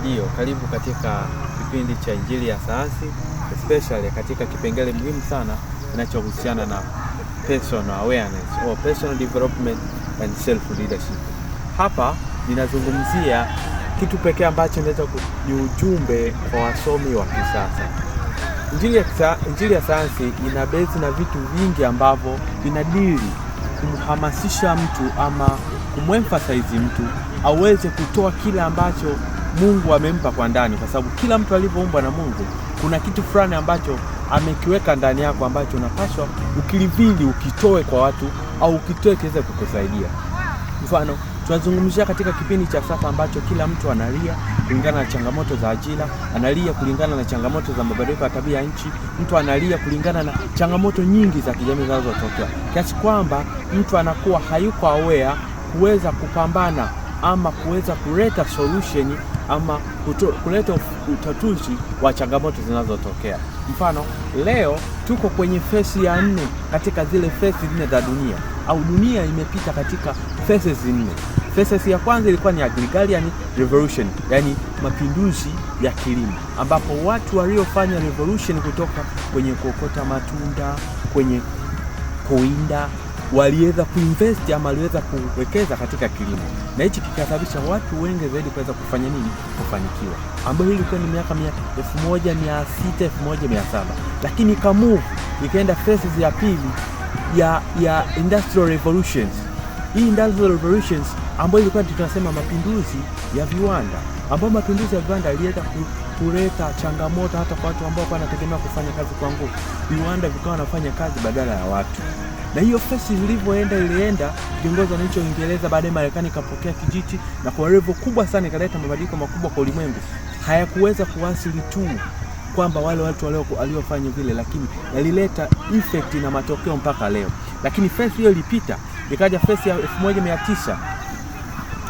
Ndiyo, karibu katika kipindi cha Injili ya Sayansi, especially katika kipengele muhimu sana kinachohusiana na personal awareness or personal development and self leadership. Hapa ninazungumzia kitu pekee ambacho inaweza ni ujumbe kwa wasomi wa kisasa. Injili ya Sayansi ina base na vitu vingi ambavyo vinadili kumhamasisha mtu ama kumemphasize mtu aweze kutoa kile ambacho Mungu amempa kwa ndani, kwa sababu kila mtu alivyoumbwa na Mungu kuna kitu fulani ambacho amekiweka ndani yako ambacho unapaswa ukilivili ukitoe kwa watu au ukitoe kiweze kukusaidia. Mfano, tunazungumzia katika kipindi cha sasa ambacho kila mtu analia kulingana na changamoto za ajira, analia kulingana na changamoto za mabadiliko ya tabia ya nchi, mtu analia kulingana na changamoto nyingi za kijamii zinazotokea, kiasi kwamba mtu anakuwa hayuko aware kuweza kupambana ama kuweza kuleta solution ama kuleta utatuzi wa changamoto zinazotokea. Mfano, leo tuko kwenye fesi ya nne katika zile fesi nne za dunia, au dunia imepita katika fesi nne. Fesi ya kwanza ilikuwa ni agrarian revolution, yani mapinduzi ya kilimo, ambapo watu waliofanya revolution kutoka kwenye kuokota matunda, kwenye kuinda waliweza kuinvest ama waliweza kuwekeza katika kilimo, na hichi kikasababisha watu wengi zaidi kuweza kufanya nini, kufanikiwa, ambayo hii ilikuwa ni miaka elfu moja mia sita elfu moja mia saba lakini ikamuvu ikaenda phases ya pili ya, ya industrial revolutions. Hii industrial revolutions ambayo ilikuwa tunasema mapinduzi ya viwanda, ambayo mapinduzi ya viwanda yaliweza kuleta changamoto hata kwa watu ambao wanategemea kufanya kazi kwa nguvu, viwanda vikawa wanafanya kazi badala ya watu na hiyo fesi ilivyoenda ilienda, viongozi wananchi wa Uingereza, baadaye Marekani ikapokea kijiti, na kwa revo kubwa sana ikaleta mabadiliko makubwa kwa ulimwengu. Hayakuweza kuasili tu kwamba wale watu waliofanya vile, lakini yalileta effect na matokeo mpaka leo. Lakini fesi hiyo ilipita, ikaja fesi ya 1900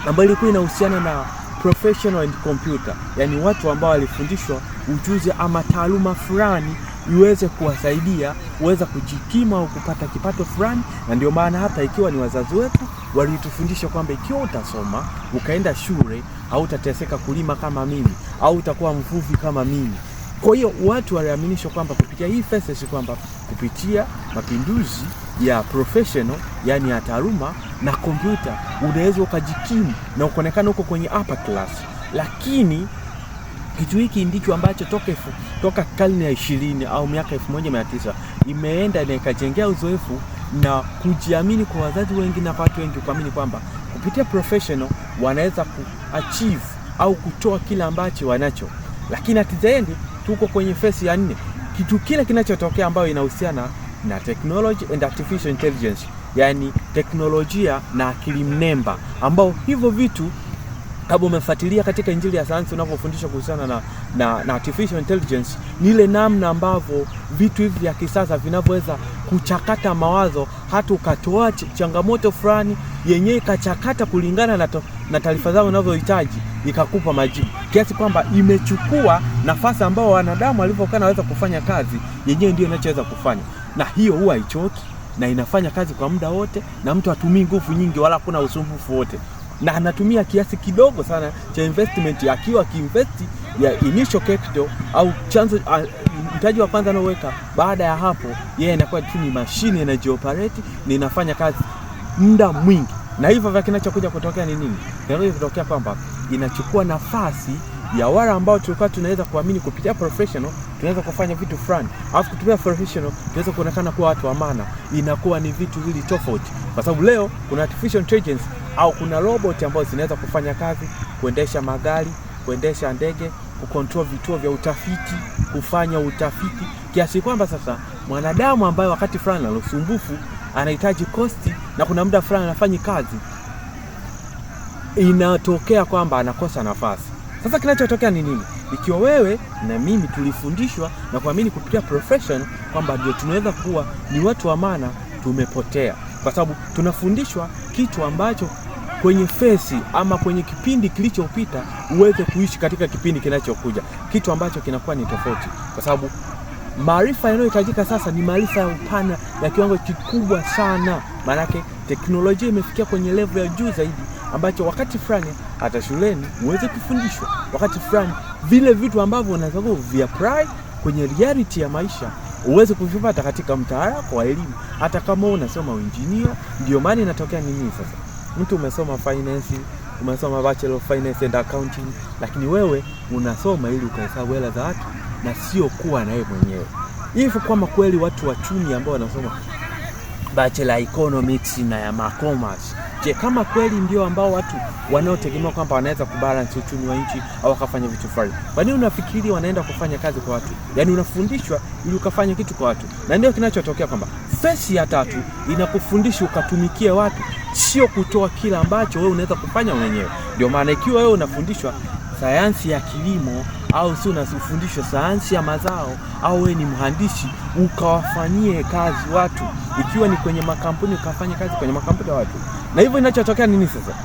ambayo ilikuwa inahusiana na professional and computer, yani watu ambao walifundishwa ujuzi ama taaluma fulani iweze kuwasaidia kuweza kujikima au kupata kipato fulani. Na ndio maana hata ikiwa ni wazazi wetu walitufundisha kwamba ikiwa utasoma ukaenda shule, hautateseka kulima kama mimi au utakuwa mvuvi kama mimi. Kwa hiyo watu waliaminishwa kwamba kupitia hii thesis kwamba kupitia mapinduzi ya professional, yani ya taaluma na kompyuta, unaweza ukajikimu na ukaonekana huko kwenye upper class, lakini kitu hiki ndicho ambacho toka, toka karne ya ishirini au miaka elfu moja mia tisa imeenda na ikajengea uzoefu na kujiamini kwa wazazi wengi na watu wengi kuamini kwamba kupitia professional wanaweza kuachieve au kutoa kile ambacho wanacho, lakini hatizaendi tuko kwenye fesi ya nne, kitu kile kinachotokea ambayo inahusiana na technology and artificial intelligence, yani teknolojia na akili mnemba, ambao hivyo vitu kama umefuatilia katika Injili ya sayansi unavyofundishwa kuhusiana na, na, na artificial intelligence, ni ile namna ambavyo vitu hivi vya kisasa vinavyoweza kuchakata mawazo, hata ukatoa changamoto fulani yenyewe ikachakata kulingana na, na taarifa zao unavyohitaji ikakupa majibu, kiasi kwamba imechukua nafasi ambao wanadamu walivyokuwa naweza kufanya kazi yenyewe, ndio inachoweza kufanya, na hiyo huwa haichoki na inafanya kazi kwa muda wote, na mtu atumii nguvu nyingi wala hakuna usumbufu wote na anatumia kiasi kidogo sana cha investment, akiwa akiinvest ya initial capital au chanzo mtaji wa kwanza anaoweka. Baada ya hapo, yeye anakuwa tu ni mashine inajioperate na inafanya kazi muda mwingi, na hivyo vya kinachokuja kutokea ni nini? Kinakuja kutokea kwamba inachukua nafasi ya wale ambao tulikuwa tunaweza kuamini kupitia professional tunaweza kufanya vitu fulani, alafu kutumia professional tunaweza kuonekana kuwa watu wa maana. Inakuwa ni vitu vili tofauti, kwa sababu leo kuna artificial intelligence au kuna robot ambazo zinaweza kufanya kazi, kuendesha magari, kuendesha ndege, kukontrol vituo vya utafiti, kufanya utafiti, kiasi kwamba sasa mwanadamu ambaye wakati fulani ana usumbufu, anahitaji kosti na kuna muda fulani anafanyi kazi, inatokea kwamba anakosa nafasi. Sasa kinachotokea ni nini? Ikiwa wewe na mimi tulifundishwa na kuamini kupitia profession kwamba ndio tunaweza kuwa ni watu wa maana, tumepotea kwa sababu tunafundishwa kitu ambacho kwenye fesi ama kwenye kipindi kilichopita uweze kuishi katika kipindi kinachokuja, kitu ambacho kinakuwa ni tofauti, kwa sababu maarifa yanayohitajika sasa ni maarifa ya upana ya kiwango kikubwa sana. Maanake teknolojia imefikia kwenye levo ya juu zaidi, ambacho wakati fulani hata shuleni uweze kufundishwa, wakati fulani vile vitu ambavyo unatakiwa viapply kwenye reality ya maisha uweze kuvipata katika mtaala wa elimu, hata kama unasoma uinjinia. Ndio maana inatokea nini sasa Mtu umesoma finance, umesoma bachelor of finance and accounting, lakini wewe unasoma ili ukahesabu hela za watu na sio kuwa yeye mwenyewe. Hivi kama kweli watu wachumi ambao wanasoma bachelor economics na ya commerce Je, kama kweli ndio ambao watu wanaotegemea kwamba wanaweza kubalance uchumi wa nchi au wakafanya vitu fulani, kwa nini unafikiri wanaenda kufanya kazi kwa watu? Yaani unafundishwa ili ukafanya kitu kwa watu, na ndio kinachotokea kwamba fesi ya tatu inakufundisha ukatumikie watu, sio kutoa kila ambacho wewe unaweza kufanya mwenyewe. Ndio maana ikiwa wewe unafundishwa sayansi ya kilimo au sio? Nasifundishwa sayansi ya mazao au wewe ni mhandisi ukawafanyie kazi watu, ikiwa ni kwenye makampuni ukafanya kazi kwenye makampuni ya watu. Na hivyo inachotokea nini sasa?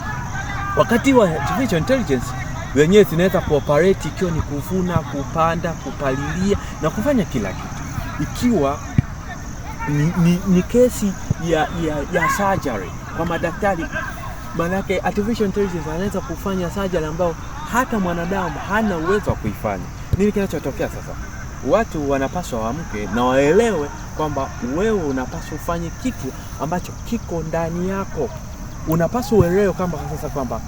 Wakati wa artificial intelligence wenyewe zinaweza kuoperate ikiwa ni kuvuna, kupanda, kupalilia na kufanya kila kitu, ikiwa ni, ni, ni kesi ya, ya, ya surgery kwa madaktari, manake artificial intelligence anaweza kufanya surgery ambayo hata mwanadamu hana uwezo wa kuifanya. Nini kinachotokea sasa? Watu wanapaswa waamke na waelewe kwamba wewe unapaswa ufanye kitu ambacho kiko ndani yako. Unapaswa uelewe kwamba sasa kwamba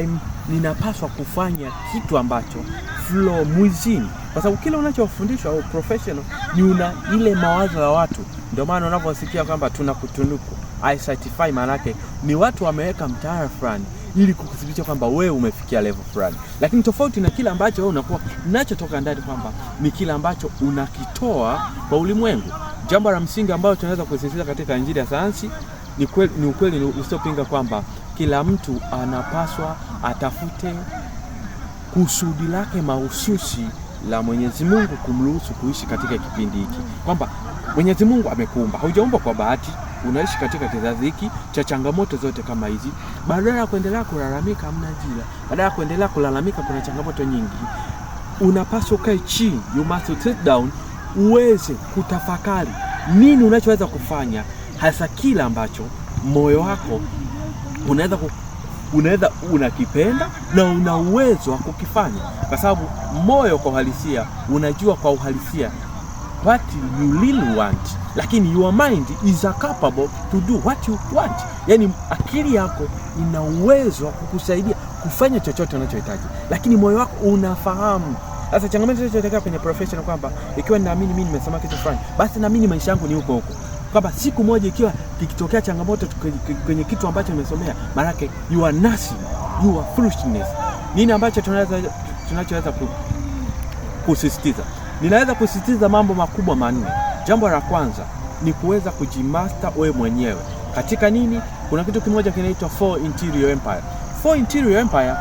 I'm, ninapaswa kufanya kitu ambacho flow mwizini, kwa sababu kile unachofundishwa au professional ni una ile mawazo ya watu. Ndio maana unavyosikia kwamba tunakutunuku I certify, maanake ni watu wameweka mtaala fulani ili kukuthibitisha kwamba wewe umefikia level fulani, lakini tofauti na kile ambacho wewe unakuwa nachotoka ndani kwamba ni kile ambacho unakitoa kwa ulimwengu. Jambo la msingi ambalo tunaweza kusisitiza katika Injili ya sayansi ni ukweli, ni ukweli usiopinga kwamba kila mtu anapaswa atafute kusudi lake mahususi la Mwenyezi Mungu kumruhusu kuishi katika kipindi hiki, kwamba Mwenyezi Mungu amekuumba, haujaumbwa kwa bahati unaishi katika kizazi hiki cha changamoto zote kama hizi, badala ya kuendelea kulalamika hamna ajira, badala ya kuendelea kulalamika kuna changamoto nyingi, unapaswa ukae chini, you must sit down, uweze kutafakari nini unachoweza kufanya, hasa kile ambacho moyo wako unaweza unaweza unakipenda na una uwezo wa kukifanya, kwa sababu moyo kwa uhalisia unajua kwa uhalisia what you really want, lakini your mind is capable to do what you want. Yani akili yako ina uwezo wa kukusaidia kufanya chochote unachohitaji, lakini moyo wako unafahamu sasa changamoto zinazotokea kwenye profession kwamba ikiwa ninaamini mimi nimesema kitu fulani, basi naamini maisha yangu ni huko huko, kwamba siku moja ikiwa kikitokea changamoto kwenye kitu ambacho nimesomea, maanake you are nothing, you are foolishness. Nini ambacho tunaweza tunachoweza kusisitiza ninaweza kusisitiza mambo makubwa manne. Jambo la kwanza ni kuweza kujimasta wewe mwenyewe katika nini. Kuna kitu kimoja kinaitwa Four Interior Empire. Four Interior Empire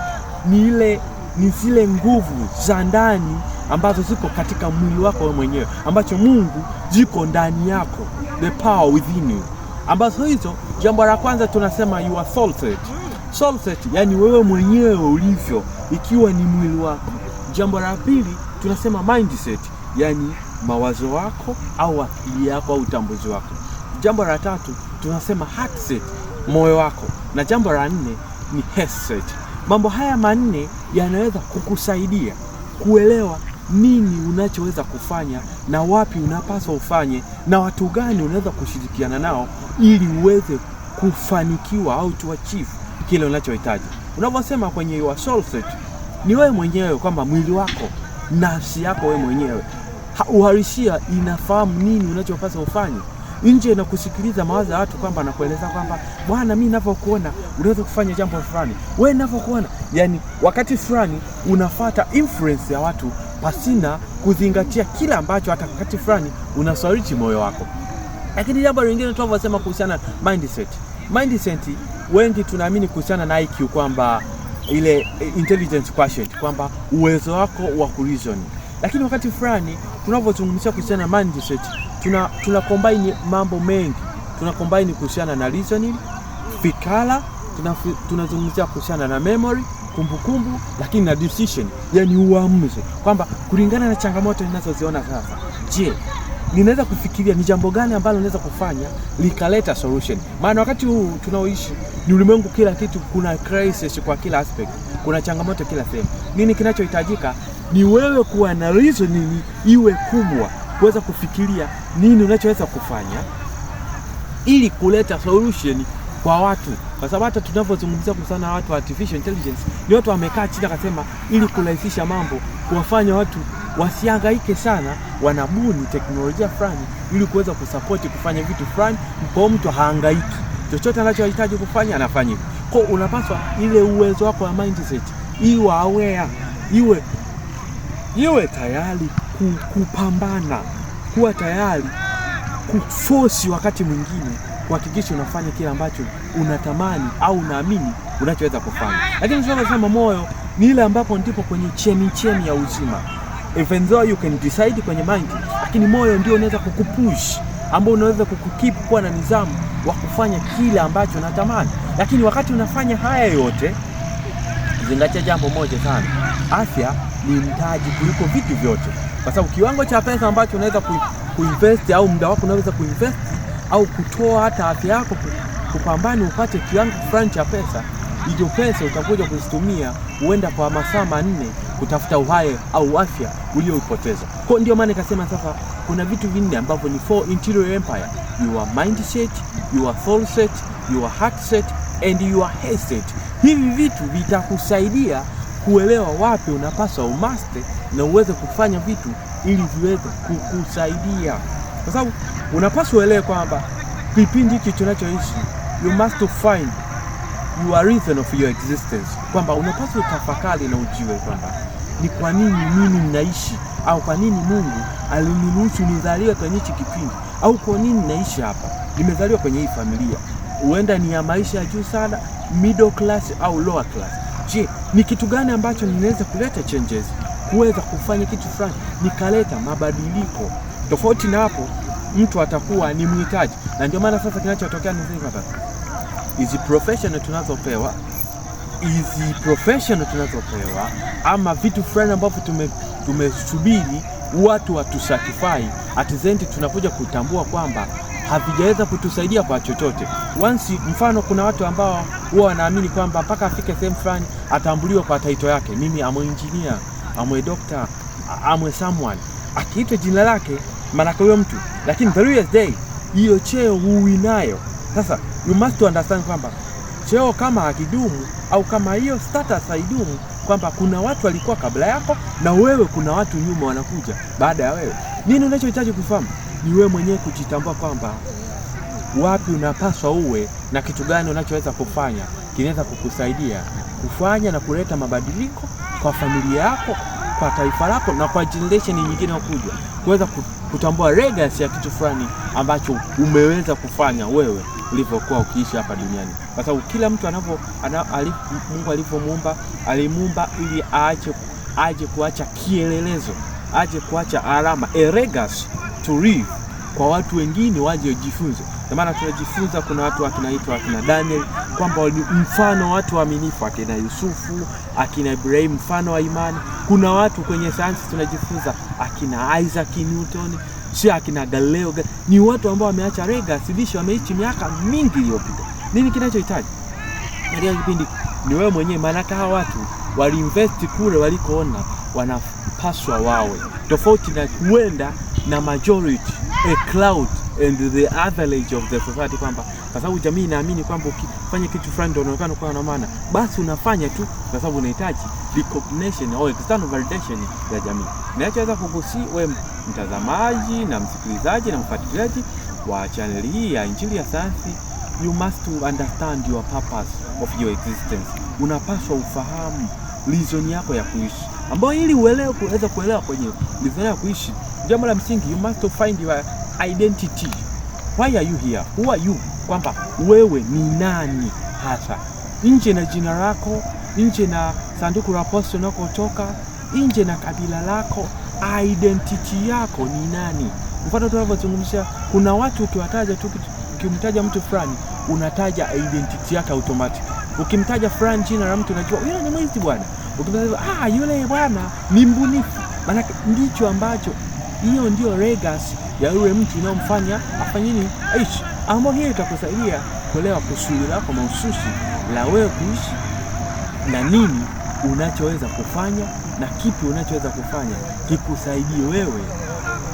ni ile ni zile nguvu za ndani ambazo ziko katika mwili wako wewe mwenyewe, ambacho Mungu jiko ndani yako, the power within you, ambazo hizo, jambo la kwanza tunasema you are soul set. Soul set, yani wewe mwenyewe ulivyo, ikiwa ni mwili wako. Jambo la pili tunasema mindset, yani mawazo wako au akili yako au utambuzi wako. Jambo la tatu tunasema heartset, moyo wako, na jambo la nne ni headset. Mambo haya manne yanaweza kukusaidia kuelewa nini unachoweza kufanya na wapi unapaswa ufanye na watu gani unaweza kushirikiana nao ili uweze kufanikiwa au to achieve kile unachohitaji. unavyosema kwenye your soul set, ni wewe mwenyewe kwamba mwili wako nafsi yako wewe mwenyewe. Uhalisia inafahamu nini unachopasa ufanye. Nje na kusikiliza mawazo ya watu kwamba nakueleza kwamba bwana, mimi ninavyokuona unaweza kufanya jambo fulani, wewe ninavyokuona. Yani wakati fulani unafata influence ya watu pasina kuzingatia kila ambacho hata wakati fulani unaswarichi moyo wako. Lakini jambo lingine tunavyosema kuhusiana mindset, mindset wengi tunaamini kuhusiana na IQ kwamba ile eh, intelligence quotient kwamba uwezo wako wa kureason. Lakini wakati fulani tunapozungumzia kuhusiana na mindset, tuna tuna combine mambo mengi, tuna combine kuhusiana na reasoning, fikala, tunazungumzia kuhusiana na memory kumbukumbu kumbu, lakini na decision, yani uamuzi kwamba kulingana na changamoto ninazoziona sasa, je, ninaweza kufikiria ni jambo gani ambalo naweza kufanya likaleta solution. Maana wakati huu tunaoishi ni ulimwengu, kila kitu kuna crisis kwa kila aspect, kuna changamoto kila sehemu. Nini kinachohitajika ni wewe kuwa na reason iwe kubwa, kuweza kufikiria nini unachoweza kufanya ili kuleta solution kwa watu, kwa sababu hata tunavyozungumzia kuhusiana na watu artificial intelligence, ni watu wamekaa chini akasema, ili kurahisisha mambo, kuwafanya watu wasiangaike sana, wanabuni teknolojia fulani ili kuweza kusapoti kufanya vitu fulani. Kwa mtu haangaiki chochote anachohitaji kufanya anafanya hivyo. Kwa unapaswa ile uwezo wako wa mindset iwe aware, iwe iwe tayari kupambana, kuwa tayari kufosi wakati mwingine kuhakikisha unafanya kile ambacho unatamani au unaamini unachoweza kufanya. Lakini tunasema moyo ni ile ambapo ndipo kwenye chemichemi ya uzima even though you can decide kwenye mind, lakini moyo ndio unaweza kukupush, ambao unaweza kukukeep kuwa na nidhamu wa kufanya kile ambacho unatamani. Lakini wakati unafanya haya yote, zingatia jambo moja sana, afya ni mtaji kuliko vitu vyote, kwa sababu kiwango cha pesa ambacho unaweza kuinvest au muda wako unaweza kuinvest au kutoa hata afya yako kupambana upate kiwango fulani cha pesa, hiyo pesa utakuja kuzitumia huenda kwa masaa manne kutafuta uhai au afya ulioipoteza. Kwa ndio maana nikasema sasa kuna vitu vinne ambavyo ni four interior empire, your mindset, your soul set, your heart set and your head set. Hivi vitu vitakusaidia kuelewa wapi unapaswa umaste na uweze kufanya vitu ili viweze kukusaidia, kwa sababu unapaswa uelewe kwamba kipindi hiki tunachoishi, you must to find your reason of your existence, kwamba unapaswa utafakari na ujiwe kwamba ni kwa nini mimi ninaishi au kwa nini Mungu aliniruhusu nizaliwe kwenye hichi kipindi au kwa nini naishi hapa, nimezaliwa kwenye hii familia, huenda ni ya maisha ya juu sana, middle class au lower class. Je, ni kitu gani ambacho ninaweza kuleta changes, kuweza kufanya kitu fulani nikaleta mabadiliko? Tofauti na hapo, mtu atakuwa ni mhitaji, na ndio maana sasa kinachotokea ni hizi professional tunazopewa hizi professional tunazopewa ama vitu fulani ambavyo tumesubiri watu watusatifai at tunakuja kutambua kwamba havijaweza kutusaidia kwa chochote. Once mfano, kuna watu ambao huwa wanaamini kwamba mpaka afike sehemu fulani atambuliwa kwa taito yake, mimi amwe engineer, amwe doctor, amwe someone, akiitwa jina lake maanake huyo mtu, lakini the real day hiyo cheo huwi nayo. Sasa you must understand kwamba cheo kama hakidumu au kama hiyo status haidumu, kwamba kuna watu walikuwa kabla yako na wewe, kuna watu nyuma wanakuja baada ya wewe. Nini unachohitaji kufahamu ni wewe mwenyewe kujitambua kwamba wapi unapaswa uwe na kitu gani unachoweza kufanya kinaweza kukusaidia kufanya na kuleta mabadiliko kwa familia yako, kwa taifa lako na kwa generation nyingine kuja kuweza kutambua legacy ya kitu fulani ambacho umeweza kufanya wewe ulivyokuwa ukiishi hapa duniani, kwa sababu kila mtu anapo alif, Mungu alivyomuumba alimuumba ili aache aje kuacha kielelezo, aje kuacha alama, a legacy to leave kwa watu wengine waje wajifunze. Kwa maana tunajifunza, kuna watu akinaitwa akina Daniel kwamba ni mfano watu waaminifu, akina Yusufu, akina Ibrahimu mfano wa imani. Kuna watu kwenye sayansi tunajifunza, akina Isaac Newton sio akina Galileo, ni watu ambao wameacha rega dishi wameishi miaka mingi iliyopita. Nini kinachohitaji katika yaani kipindi ni wewe mwenyewe, maanake hawa watu waliinvesti kule walikoona wanapaswa wawe tofauti na kuenda na majority a cloud and the average of the society, kwamba kwa sababu jamii inaamini kwamba ukifanya kitu fulani ndio unaonekana kuwa na maana, basi unafanya tu kwa sababu unahitaji recognition au external validation ya jamii. Nachoweza kugusia wewe mtazamaji na msikilizaji na mfuatiliaji wa chaneli hii ya Injili ya Sayansi, you must understand your purpose of your existence. Unapaswa ufahamu reason yako ya kuishi, ambayo ili uelewe kuweza kuelewa kwenye reason ya kuishi, jambo la msingi, you must find your identity. Why are you here? Who are you? Kwamba wewe ni nani hasa, nje na jina lako, nje na sanduku la posta unakotoka, nje na kabila lako identity yako ni nani. Mfano tunavyozungumzia, kuna watu ukiwataja tu, ukimtaja mtu fulani unataja identity yake automatic. Ukimtaja fulani jina la mtu unajua yule ni mwizi bwana, ukimtaja ah, yule bwana ni mbunifu, maana ndicho ambacho hiyo ndio legacy ya yule mtu inayomfanya afanye nini, aishi, ambayo hiyo itakusaidia kuelewa kusudi lako mahususi la wewe kuishi na nini unachoweza kufanya na kipi unachoweza kufanya kikusaidie wewe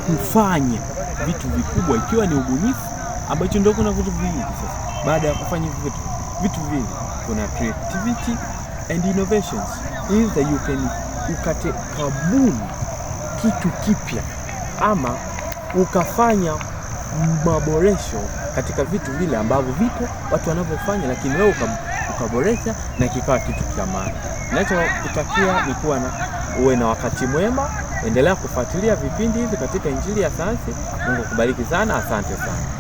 kufanya vitu vikubwa, ikiwa ni ubunifu, ambacho ndio kuna vitu vingi sasa. Baada ya kufanya vitu vitu vingi, kuna creativity and innovations, either you can ukate kabuni kitu kipya ama ukafanya maboresho katika vitu vile ambavyo vipo watu wanavyofanya, lakini wewe ukaboresha na kikawa kitu cha maana. Ninachokutakia ni kuwa na uwe na wakati mwema. Endelea kufuatilia vipindi hivi katika Injili ya Sayansi. Mungu kubariki sana, asante sana.